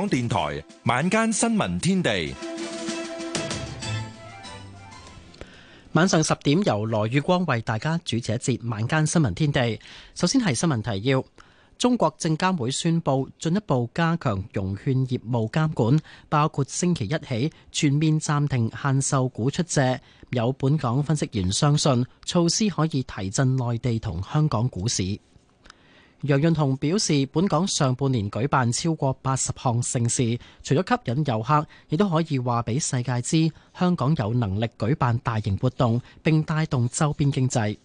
港電台晚間新聞天地，晚上十點由羅宇光為大家主持一節晚間新聞天地。首先係新聞提要：中國證監會宣佈進一步加強融券業務監管，包括星期一起全面暫停限售股出借。有本港分析員相信，措施可以提振內地同香港股市。楊潤雄表示，本港上半年舉辦超過八十項盛事，除咗吸引遊客，亦都可以話俾世界知香港有能力舉辦大型活動，並帶動周邊經濟。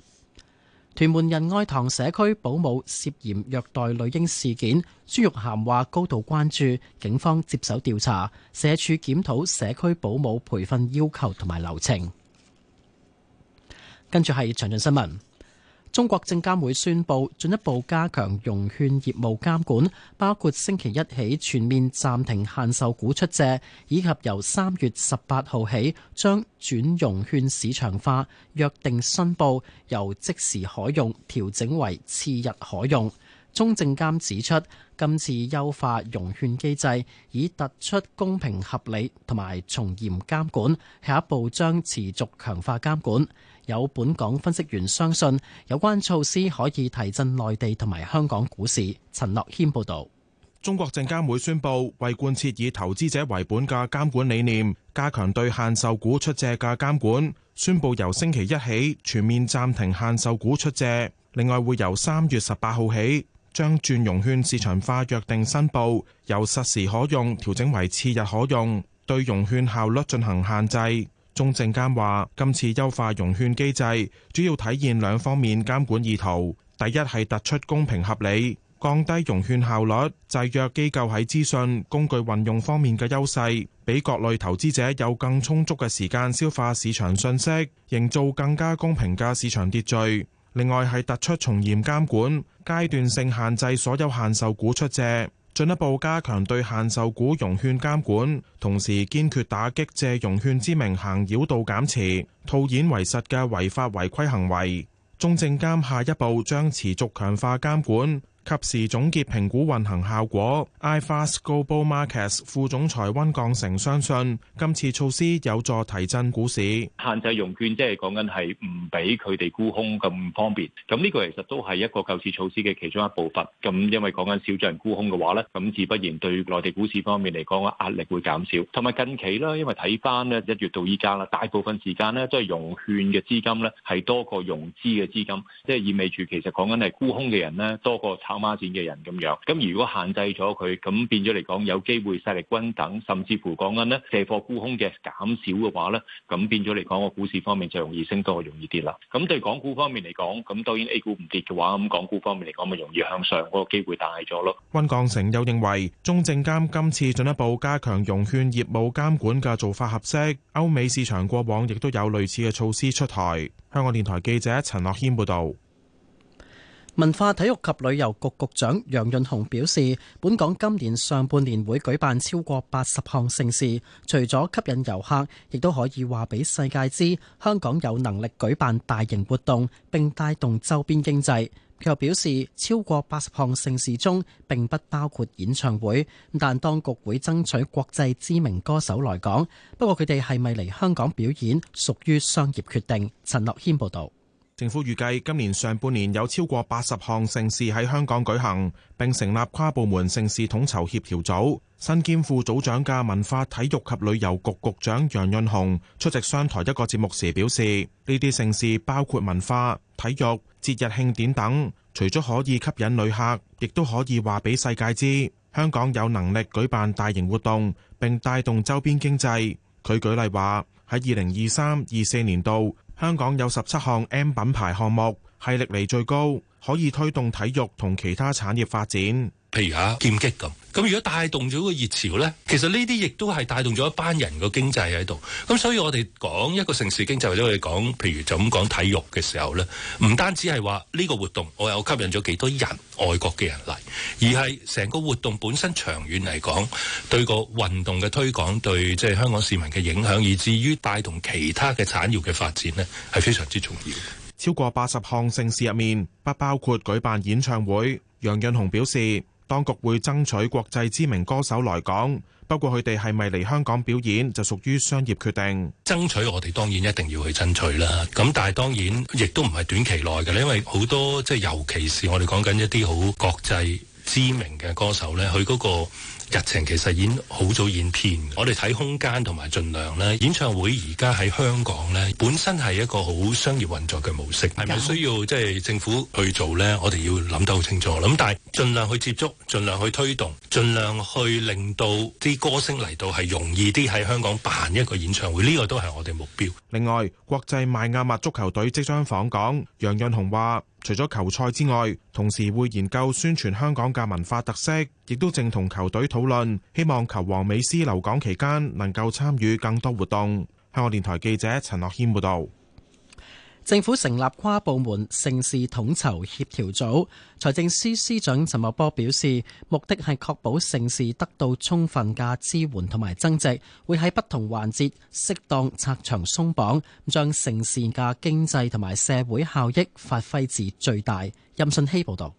屯門仁愛堂社區保姆涉嫌虐待女嬰事件，朱玉涵話高度關注，警方接手調查，社署檢討社區保姆培訓要求同埋流程。跟住係詳盡新聞。中國證監會宣佈進一步加強融券業務監管，包括星期一起全面暫停限售股出借，以及由三月十八號起將轉融券市場化，約定申報由即時可用調整為次日可用。中證監指出，今次優化融券機製，以突出公平合理同埋從嚴監管，下一步將持續強化監管。有本港分析員相信，有關措施可以提振內地同埋香港股市。陳樂謙報道，中國證監會宣布，為貫徹以投資者為本嘅監管理念，加強對限售股出借嘅監管，宣布由星期一起全面暫停限售股出借。另外，會由三月十八號起。將轉融券市場化約定申報由實時可用調整為次日可用，對融券效率進行限制。中證監話：今次優化融券機制，主要體現兩方面監管意圖。第一係突出公平合理，降低融券效率，制約機構喺資訊工具運用方面嘅優勢，俾各類投資者有更充足嘅時間消化市場信息，營造更加公平嘅市場秩序。另外係突出從嚴監管，階段性限制所有限售股出借，進一步加強對限售股融券監管，同時堅決打擊借融券之名行繞道減持、套現為實嘅違法違規行為。中證監下一步將持續強化監管。及時總結評估運行效果。iFast Global Markets 副總裁溫鋼成相信，今次措施有助提振股市。限制融券即係講緊係唔俾佢哋沽空咁方便。咁呢個其實都係一個救市措施嘅其中一部分。咁因為講緊少咗人沽空嘅話咧，咁自不然對內地股市方面嚟講，壓力會減少。同埋近期啦，因為睇翻咧一月到依家啦，大部分時間咧都係融券嘅資金咧係多過融資嘅資金，即係意味住其實講緊係沽空嘅人咧多過炒孖展嘅人咁樣，咁如果限制咗佢，咁變咗嚟講有機會勢力均等，甚至乎講緊呢借貨沽空嘅減少嘅話呢，咁變咗嚟講個股市方面就容易升多，容易跌啦。咁對港股方面嚟講，咁當然 A 股唔跌嘅話，咁港股方面嚟講咪容易向上嗰個機會大咗咯。溫鋼城又認為，中證監今次進一步加強融券業務監管嘅做法合適，歐美市場過往亦都有類似嘅措施出台。香港電台記者陳樂謙報道。文化、體育及旅遊局局長楊潤雄表示，本港今年上半年會舉辦超過八十項盛事，除咗吸引遊客，亦都可以話俾世界知香港有能力舉辦大型活動並帶動周邊經濟。佢又表示，超過八十項盛事中並不包括演唱會，但當局會爭取國際知名歌手來港。不過佢哋係咪嚟香港表演，屬於商業決定。陳樂軒報導。政府預計今年上半年有超過八十項盛事喺香港舉行，並成立跨部門盛事統籌協調組。身兼副組長嘅文化體育及旅遊局局長楊潤雄出席商台一個節目時表示，呢啲盛事包括文化、體育、節日慶典等，除咗可以吸引旅客，亦都可以話俾世界知香港有能力舉辦大型活動，並帶動周邊經濟。佢舉例話喺二零二三、二四年度。香港有十七項 M 品牌項目係歷嚟最高，可以推動體育同其他產業發展，譬如啊劍擊咁。咁如果帶動咗個熱潮咧，其實呢啲亦都係帶動咗一班人個經濟喺度。咁所以我哋講一個城市經濟或者我哋講譬如就咁講體育嘅時候咧，唔單止係話呢個活動我有吸引咗幾多人外國嘅人嚟，而係成個活動本身長遠嚟講對個運動嘅推廣對即係香港市民嘅影響，以至於帶動其他嘅產業嘅發展咧，係非常之重要。超過八十項盛事入面，不包括舉辦演唱會。楊潤雄表示。當局會爭取國際知名歌手來港，不過佢哋係咪嚟香港表演就屬於商業決定。爭取我哋當然一定要去爭取啦，咁但係當然亦都唔係短期內嘅，因為好多即係尤其是我哋講緊一啲好國際知名嘅歌手呢，佢嗰個日程其實已經好早演片，我哋睇空間同埋儘量咧，演唱會而家喺香港咧，本身係一個好商業運作嘅模式，係咪有需要即係、就是、政府去做咧？我哋要諗得好清楚，咁但係儘量去接觸，儘量去推動，儘量去令到啲歌星嚟到係容易啲喺香港辦一個演唱會，呢、這個都係我哋目標。另外，國際邁亞密足球隊即將訪港，楊潤雄話。除咗球賽之外，同時會研究宣傳香港嘅文化特色，亦都正同球隊討論，希望球王美斯留港期間能夠參與更多活動。香港電台記者陳樂軒報道。政府成立跨部門盛事統籌協調組，財政司司長陳茂波表示，目的係確保盛事得到充分嘅支援同埋增值，會喺不同環節適當拆牆鬆綁，將盛事嘅經濟同埋社會效益發揮至最大。任信希報導。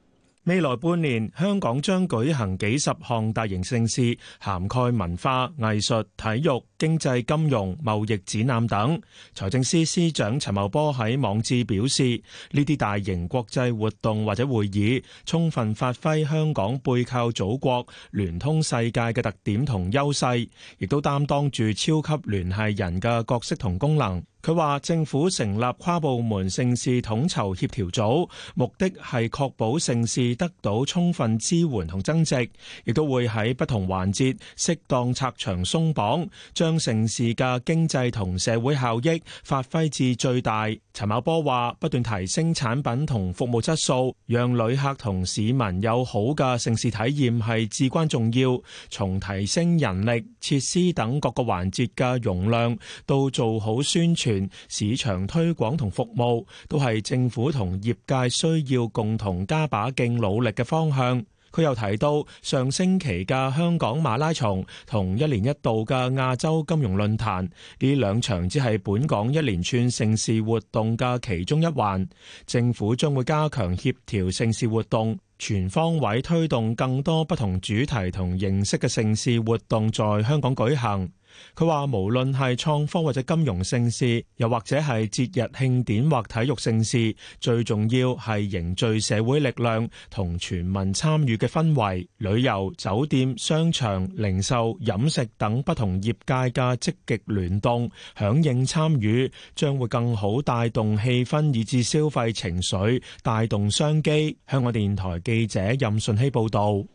未來半年，香港將舉行幾十項大型盛事，涵蓋文化、藝術、體育、經濟、金融、貿易展覽等。財政司司長陳茂波喺網誌表示，呢啲大型國際活動或者會議，充分發揮香港背靠祖國、聯通世界嘅特點同優勢，亦都擔當住超級聯繫人嘅角色同功能。佢話政府成立跨部門盛事統籌協調組，目的係確保盛事得到充分支援同增值，亦都會喺不同環節適當拆牆鬆綁，將盛事嘅經濟同社會效益發揮至最大。陳茂波話，不斷提升產品同服務質素，讓旅客同市民有好嘅盛事體驗係至關重要。從提升人力、設施等各個環節嘅容量，到做好宣傳，市場推廣同服務都係政府同業界需要共同加把勁努力嘅方向。佢又提到，上星期嘅香港馬拉松同一年一度嘅亞洲金融論壇，呢兩場只係本港一連串盛事活動嘅其中一環。政府將會加強協調盛事活動，全方位推動更多不同主題同形式嘅盛事活動在香港舉行。佢話：無論係創科或者金融盛事，又或者係節日慶典或體育盛事，最重要係凝聚社會力量同全民參與嘅氛圍。旅遊、酒店、商場、零售、飲食等不同業界嘅積極聯動，響應參與，將會更好帶動氣氛，以至消費情緒，帶動商機。香港電台記者任順希報導。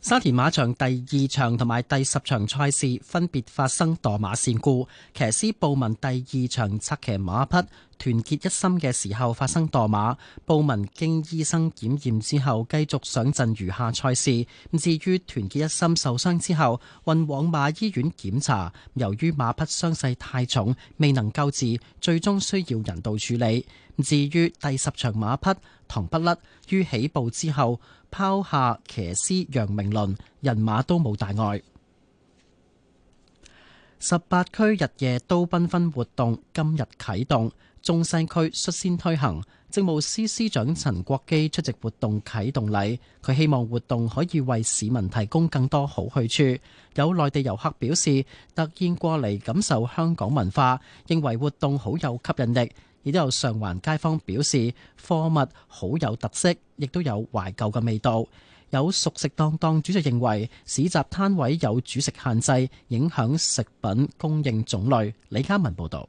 沙田馬場第二場同埋第十場賽事分別發生墮馬事故，騎師布文第二場策騎馬匹團結一心嘅時候發生墮馬，報民經醫生檢驗之後繼續上陣餘下賽事。至於團結一心受傷之後運往馬醫院檢查，由於馬匹傷勢太重，未能救治，最終需要人道處理。至於第十場馬匹唐不甩於起步之後拋下騎師楊明麟，人馬都冇大礙。十八區日夜都繽紛活動，今日啟動。中西區率先推行，政務司司長陳國基出席活動啟動禮。佢希望活動可以為市民提供更多好去處。有內地遊客表示，特意過嚟感受香港文化，認為活動好有吸引力。亦都有上環街坊表示，貨物好有特色，亦都有懷舊嘅味道。有熟食檔檔主就認為市集攤位有主食限制，影響食品供應種類。李家文報導。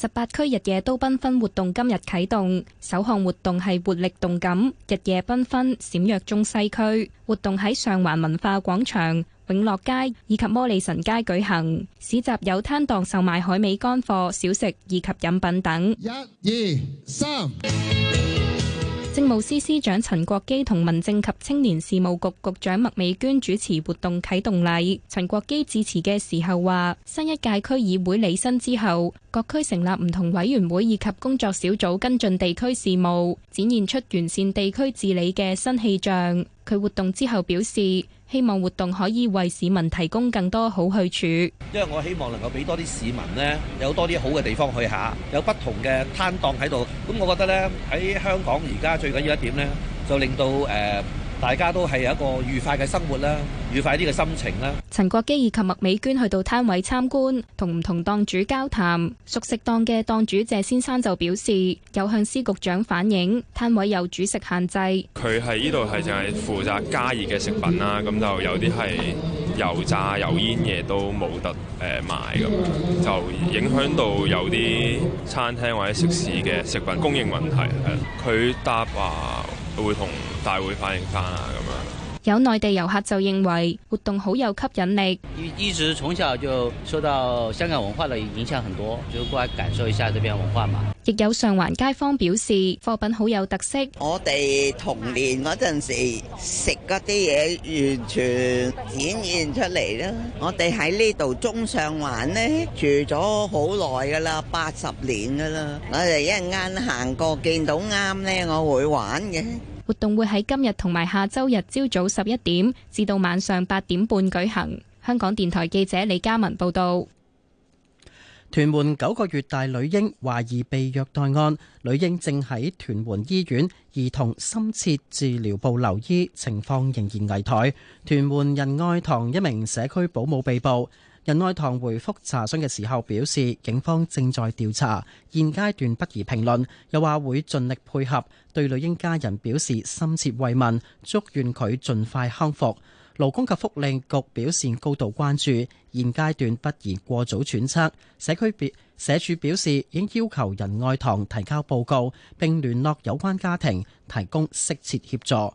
十八區日夜都繽紛活動，今日啟動首項活動係活力動感，日夜繽紛閃躍中西區，活動喺上環文化廣場、永樂街以及摩利臣街舉行，市集有攤檔售賣海味乾貨、小食以及飲品等。一、二、三。政務司司長陳國基同民政及青年事務局局長麥美娟主持活動啟動禮。陳國基致辭嘅時候話，新一屆區議會履新之後，各區成立唔同委員會以及工作小組跟進地區事務，展現出完善地區治理嘅新氣象。佢活動之後表示。希望活動可以為市民提供更多好去處，因為我希望能夠俾多啲市民呢，有多啲好嘅地方去下，有不同嘅攤檔喺度。咁我覺得呢，喺香港而家最緊要一點呢，就令到誒，呃大家都係有一個愉快嘅生活啦，愉快啲嘅心情啦。陳國基以及麥美娟去到攤位參觀，同唔同檔主交談。熟食檔嘅檔主謝先生就表示，有向司局長反映，攤位有煮食限制。佢喺呢度係淨係負責加熱嘅食品啦，咁就有啲係油炸、油煙嘢都冇得誒賣咁，就影響到有啲餐廳或者食肆嘅食品供應問題。係。佢答話。啊會同大會反映翻啊，咁樣。有內地遊客就認為活動好有吸引力，一一直從小就受到香港文化嘅影響很多，就過嚟感受一下呢邊嘅文化。嘛，亦有上環街坊表示貨品好有特色，我哋童年嗰陣時食嗰啲嘢完全展現出嚟啦。我哋喺呢度中上環咧住咗好耐㗎啦，八十年㗎啦，我哋一陣間行過見到啱咧，我會玩嘅。活動會喺今日同埋下周日朝早十一點至到晚上八點半舉行。香港電台記者李嘉文報道：屯門九個月大女嬰懷疑被虐待案，女嬰正喺屯門醫院兒童深切治療部留醫，情況仍然危殆。屯門仁愛堂一名社區保姆被捕。仁愛堂回覆查詢嘅時候表示，警方正在調查，現階段不宜評論。又話會盡力配合，對女嬰家人表示深切慰問，祝願佢盡快康復。勞工及福利局表示高度關注，現階段不宜過早揣測。社區社署表示，已經要求仁愛堂提交報告，並聯絡有關家庭提供適切協助。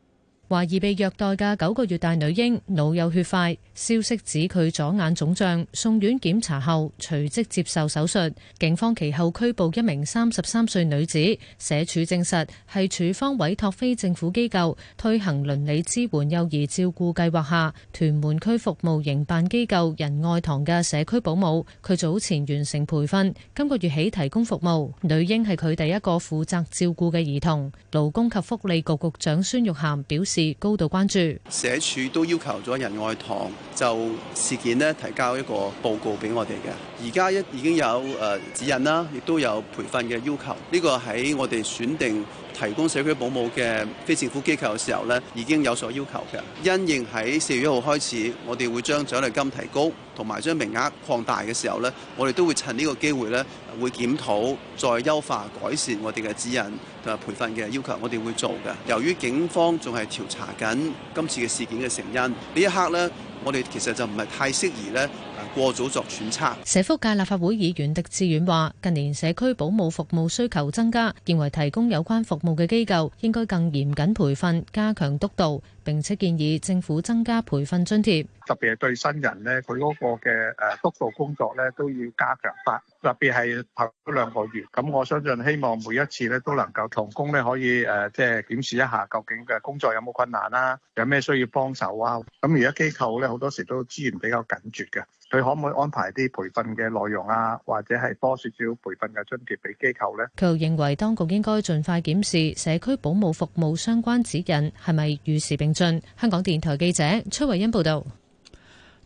懷疑被虐待嘅九個月大女嬰腦有血塊，消息指佢左眼腫脹，送院檢查後隨即接受手術。警方其後拘捕一名三十三歲女子。社署證實係署方委託非政府機構推行鄰里支援幼兒照顧計劃下屯門區服務營辦機構仁愛堂嘅社區保姆，佢早前完成培訓，今個月起提供服務。女嬰係佢第一個負責照顧嘅兒童。勞工及福利局局長孫玉菡表示，高度關注，社署都要求咗仁愛堂就事件咧提交一個報告俾我哋嘅。而家一已經有誒指引啦，亦都有培訓嘅要求。呢、這個喺我哋選定。提供社區保姆嘅非政府機構嘅時候咧，已經有所要求嘅。因應喺四月一號開始，我哋會將獎勵金提高，同埋將名額擴大嘅時候咧，我哋都會趁呢個機會咧，會檢討再優化、改善我哋嘅指引同埋培訓嘅要求，我哋會做嘅。由於警方仲係調查緊今次嘅事件嘅成因，呢一刻咧，我哋其實就唔係太適宜咧。過早作揣測。社福界立法會議員狄志遠話：近年社區保姆服務需求增加，認為提供有關服務嘅機構應該更嚴謹培訓，加強督導。並且建議政府增加培訓津貼，特別係對新人咧，佢嗰個嘅誒督導工作咧都要加強。特別係頭嗰兩個月，咁我相信希望每一次咧都能夠同工咧可以誒，即係檢視一下究竟嘅工作有冇困難啦，有咩需要幫手啊。咁而家機構咧好多時都資源比較緊缺嘅。佢可唔可以安排啲培訓嘅內容啊，或者係多少少培訓嘅津貼俾機構咧？佢認為當局應該盡快檢視社區保姆服務相關指引係咪與時並進，香港電台記者崔慧欣報道。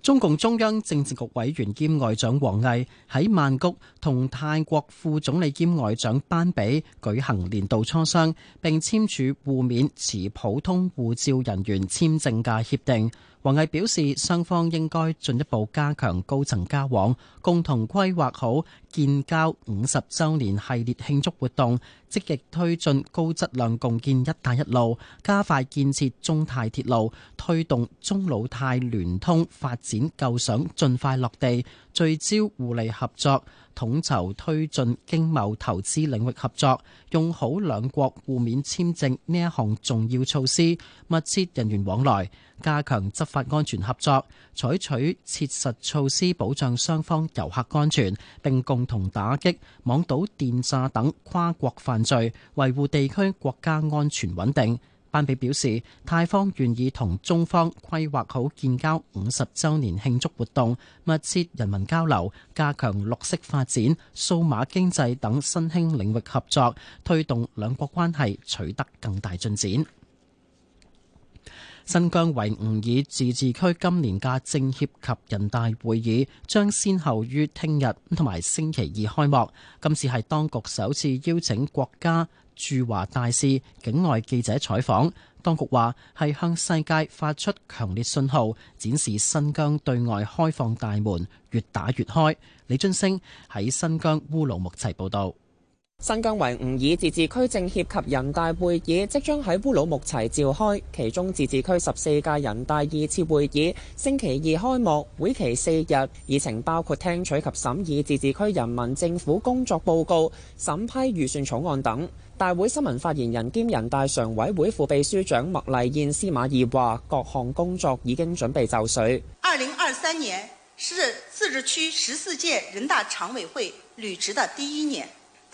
中共中央政治局委員兼外長王毅喺曼谷同泰國副總理兼外長班比舉行年度磋商，並簽署互免持普通護照人員簽證嘅協定。王毅表示，雙方應該進一步加強高層交往，共同規劃好建交五十周年系列慶祝活動，積極推進高質量共建「一帶一路」，加快建設中泰鐵路，推動中老泰聯通發展。構想盡快落地，聚焦互利合作，統籌推進經貿投資領域合作，用好兩國互免簽證呢一項重要措施，密切人員往來，加強執法安全合作，採取切實措施保障雙方遊客安全，並共同打擊網賭電詐等跨國犯罪，維護地區國家安全穩定。班比表示，泰方願意同中方規劃好建交五十周年慶祝活動，密切人民交流，加強綠色發展、數碼經濟等新興領域合作，推動兩國關係取得更大進展。新疆維吾爾自治區今年嘅政協及人大會議將先後於聽日同埋星期二開幕，今次係當局首次邀請國家。駐華大使境外記者採訪，當局話係向世界發出強烈信號，展示新疆對外開放大門越打越開，李俊升喺新疆烏魯木齊報道。新疆維吾爾自治區政協及人大會議即將喺烏魯木齊召開，其中自治區十四屆人大二次會議星期二開幕，會期四日，議程包括聽取及審議自治區人民政府工作報告、審批預算草案等。大會新聞發言人兼人大常委會副秘書長麥麗燕司馬義話：各項工作已經準備就緒。二零二三年是自治區十四屆人大常委會履職的第一年。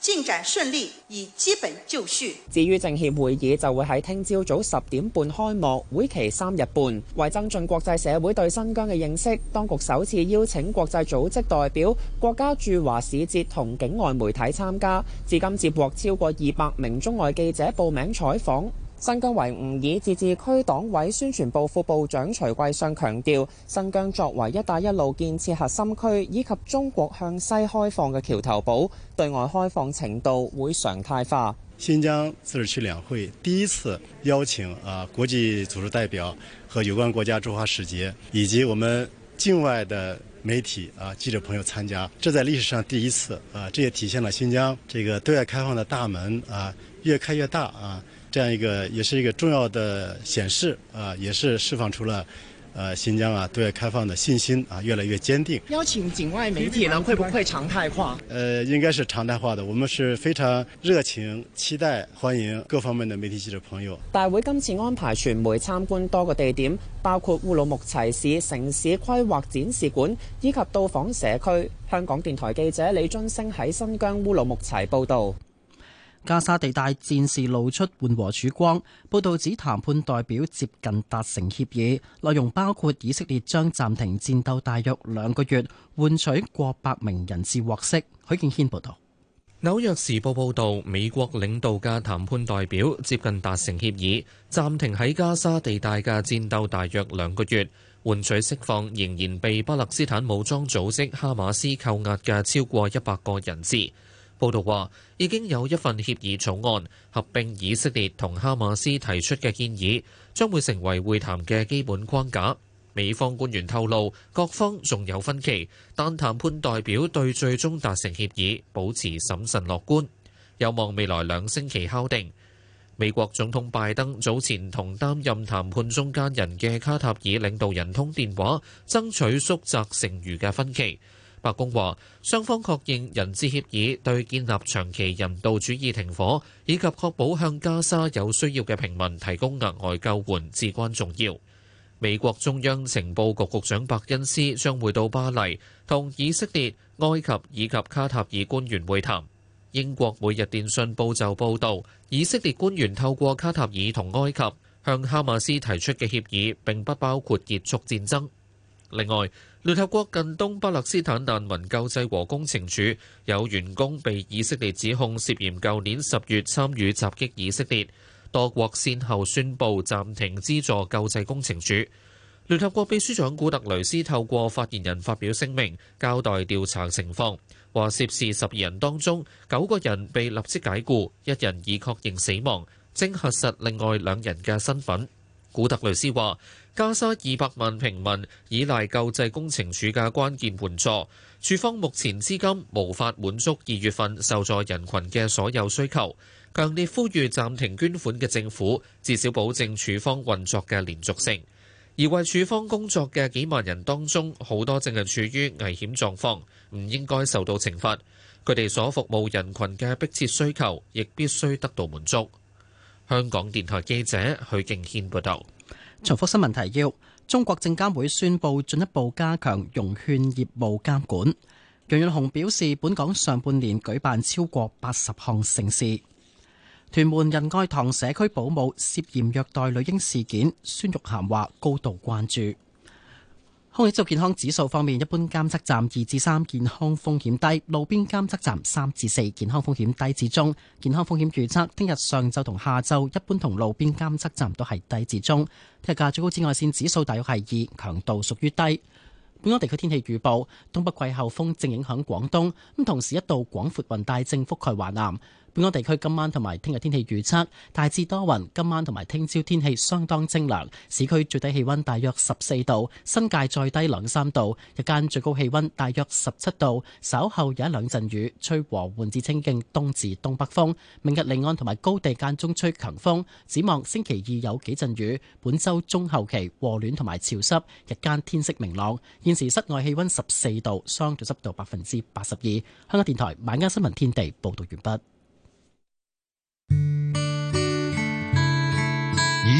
進展順利，已基本就緒。至於政協會議就會喺聽朝早十點半開幕，會期三日半。為增進國際社會對新疆嘅認識，當局首次邀請國際組織代表、國家駐華使節同境外媒體參加，至今接獲超過二百名中外記者報名採訪。新疆維吾爾自治區黨委宣傳部副部長徐貴相強調，新疆作為“一帶一路”建設核心區以及中國向西開放嘅橋頭堡，對外開放程度會常態化。新疆自治區兩會第一次邀請啊國際組織代表和有關國家駐華使節以及我們境外的媒體啊記者朋友參加，這在歷史上第一次啊，這也體現了新疆這個對外開放的大門啊越開越大啊。這樣一個也是一個重要的顯示啊，呃，也是釋放出了，呃，新疆啊對外開放的信心啊，越來越堅定。邀請境外媒體呢，會不會常態化？呃，應該是常態化的。我們是非常熱情、期待歡迎各方面的媒體記者朋友。大會今次安排傳媒參觀多個地點，包括烏魯木齊市城市規劃展示館以及到訪社區。香港電台記者李津星喺新疆烏魯木齊報道。加沙地帶戰事露出緩和曙光，報道指談判代表接近達成協議，內容包括以色列將暫停戰鬥大約兩個月，換取過百名人士獲釋。許建軒報導。紐約時報報導，美國領導嘅談判代表接近達成協議，暫停喺加沙地帶嘅戰鬥大約兩個月，換取釋放仍然被巴勒斯坦武裝組織哈馬斯扣押嘅超過一百個人質。報道話，已經有一份協議草案，合併以色列同哈馬斯提出嘅建議，將會成為會談嘅基本框架。美方官員透露，各方仲有分歧，但談判代表對最終達成協議保持審慎樂觀，有望未來兩星期敲定。美國總統拜登早前同擔任談判中間人嘅卡塔爾領導人通電話，爭取縮窄剩餘嘅分歧。白宮話，雙方確認人質協議對建立長期人道主義停火，以及確保向加沙有需要嘅平民提供額外救援至關重要。美國中央情報局局長白恩斯將回到巴黎，同以色列、埃及以及卡塔爾官員會談。英國每日電訊報就報道，以色列官員透過卡塔爾同埃及向哈馬斯提出嘅協議，並不包括結束戰爭。另外。聯合國近東巴勒斯坦難民救濟和工程處有員工被以色列指控涉嫌舊年十月參與襲擊以色列，多國先後宣布暫停資助救濟工程處。聯合國秘書長古特雷斯透過發言人發表聲明，交代調查情況，話涉事十二人當中九個人被立即解雇，一人已確認死亡，正核實另外兩人嘅身份。古特雷斯話加沙二百萬平民依賴救濟工程署嘅關鍵援助，署方目前資金無法滿足二月份受助人群嘅所有需求。強烈呼籲暫停捐款嘅政府，至少保證署方運作嘅連續性。而為署方工作嘅幾萬人當中，好多正係處於危險狀況，唔應該受到懲罰。佢哋所服務人群嘅迫切需求，亦必須得到滿足。香港電台記者許敬軒報道：重複新聞提要，中國證監會宣布進一步加強融券業務監管。楊潤雄表示，本港上半年舉辦超過八十項盛事。屯門仁愛堂社區保姆涉嫌虐待女嬰事件，孫玉菡話高度關注。空氣質素健康指數方面，一般監測站二至三，健康風險低；路邊監測站三至四，健康風險低至中。健康風險預測，聽日上晝同下晝，一般同路邊監測站都係低至中。聽日嘅最高紫外線指數大約係二，強度屬於低。本港地區天氣預報：東北季候風正影響廣東，咁同時一道廣闊雲帶正覆蓋華南。本港地區今晚同埋聽日天氣預測大致多雲。今晚同埋聽朝天氣相當清涼，市區最低氣溫大約十四度，新界再低兩三度。日間最高氣溫大約十七度，稍後有一兩陣雨，吹和緩至清勁東至東北風。明日離岸同埋高地間中吹強風，展望星期二有幾陣雨。本周中後期和暖同埋潮濕，日間天色明朗。現時室外氣溫十四度，相對濕度百分之八十二。香港電台晚間新聞天地報道完畢。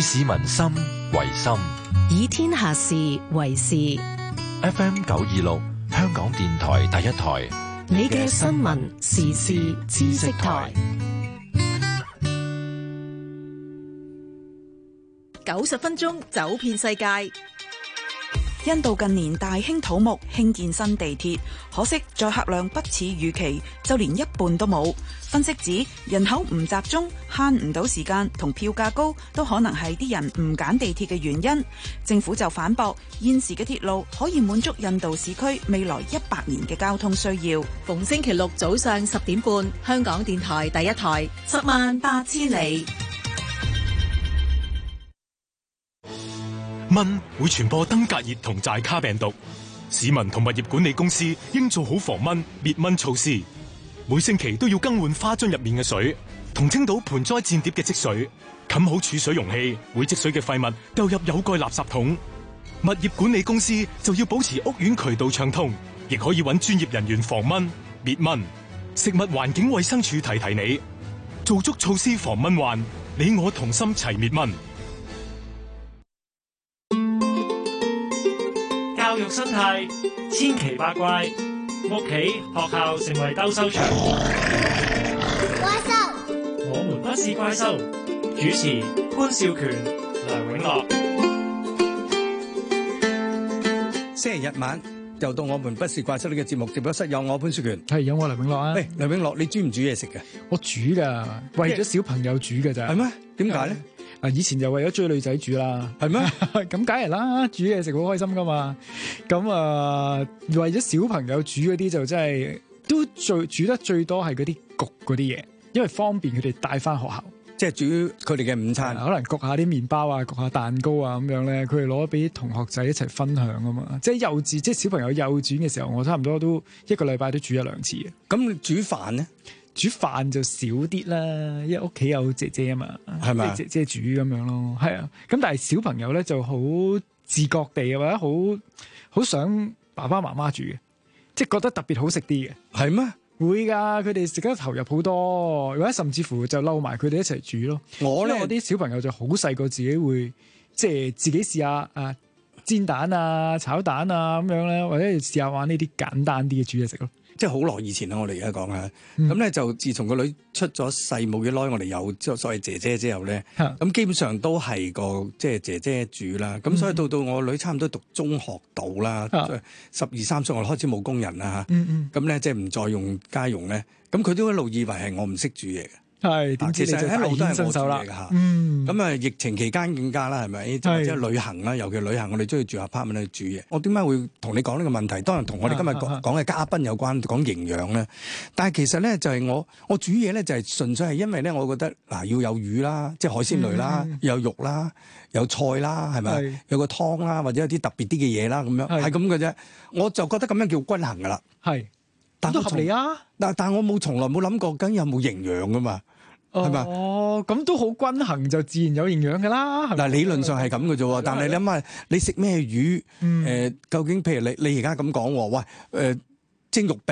以市民心為心，以天下事為事，FM 926香港電台第一台，你嘅新聞時事知識台, 90分鐘，走遍世界。印度近年大興土木興建新地鐵，可惜載客量不似預期，就連一半都冇。分析指人口唔集中，慳唔到時間同票價高，都可能係啲人唔揀地鐵嘅原因。政府就反駁，現時嘅鐵路可以滿足印度市區未來一百年嘅交通需要。逢星期六早上十點半，香港電台第一台，十萬八千里。蚊會傳播登革熱同寨卡病毒，市民同物業管理公司應做好防蚊滅蚊措施。每星期都要更換花樽入面嘅水，同清倒盆栽墊碟嘅積水，冚好儲水容器，會積水嘅廢物，丟入有蓋垃圾桶。物業管理公司就要保持屋苑渠道暢通，亦可以揾專業人員防蚊滅蚊。食物環境衛生署提提提你，做足措施防蚊患，你我同心齊滅蚊。教育生態千奇百怪，屋企、學校成為鬥獸場。怪獸，我們不是怪獸。主持潘少權、梁永樂。星期日晚就到我們不是怪獸呢個節目，直播室有我潘少權，係有我梁永樂啊。喂，梁永樂，你煮唔煮嘢食嘅？我煮噶，為咗小朋友煮噶咋。係咩？點解咧？啊！以前就為咗追女仔煮啦？係咩？咁梗係啦，煮嘢食好開心噶嘛。咁啊，為咗小朋友煮嗰啲就真、就、係、是、都最煮得最多係嗰啲焗嗰啲嘢，因為方便佢哋帶翻學校。即係煮佢哋嘅午餐、嗯，可能焗下啲麵包啊，焗下蛋糕啊咁樣咧，佢哋攞俾同學仔一齊分享啊嘛。即係幼稚，即係小朋友幼稚園嘅時候，我差唔多都一個禮拜都煮一兩次。咁你煮飯咧？煮飯就少啲啦，因為屋企有姐姐啊嘛，即係嗎姐姐煮咁樣咯。係啊，咁但係小朋友咧就好自覺地或者好好想爸爸媽媽煮嘅，即係覺得特別好食啲嘅。係咩嗎？會㗎，佢哋食得投入好多，或者甚至乎就撈埋佢哋一齊煮咯。我咧呢我啲小朋友就好細個，自己會即係自己試下啊煎蛋啊、炒蛋啊咁樣咧，或者試下玩呢啲簡單啲嘅煮嘢食咯。即係好耐以前啦、啊，我哋而家講下，咁咧、嗯、就自從個女出咗世冇幾耐，我哋有咗所謂姐姐之後咧，咁、啊、基本上都係個即係姐姐煮啦。咁、嗯、所以到到我女差唔多讀中學到啦，十二三歲我開始冇工人啦、啊、嚇，咁咧即係唔再用家用咧，咁佢都一路以為係我唔識煮嘢。係，點知你一路都係新手嚟嘅嚇。咁啊、嗯，疫情期間更加啦，係咪？即係旅行啦，尤其旅行我哋中意住阿 partment 嚟煮嘢。我點解會同你講呢個問題？當然同我哋今日講嘅嘉賓有關，講營養咧。但係其實咧就係我，我煮嘢咧就係純粹係因為咧，我覺得嗱要有魚啦，即係海鮮類啦，嗯、要有肉啦，有菜啦，係咪？是有個湯啦，或者有啲特別啲嘅嘢啦，咁樣係咁嘅啫。我就覺得咁樣叫均衡㗎啦。係。但都合理啊！但但我冇從來冇諗過，咁有冇營養噶嘛？係嘛、呃？哦吧，咁、嗯、都好均衡就自然有營養噶啦。嗱，理論上係咁嘅啫。的但係你諗下，的你食咩魚？誒、嗯呃，究竟譬如你你而家咁講，喂、呃，誒，蒸肉。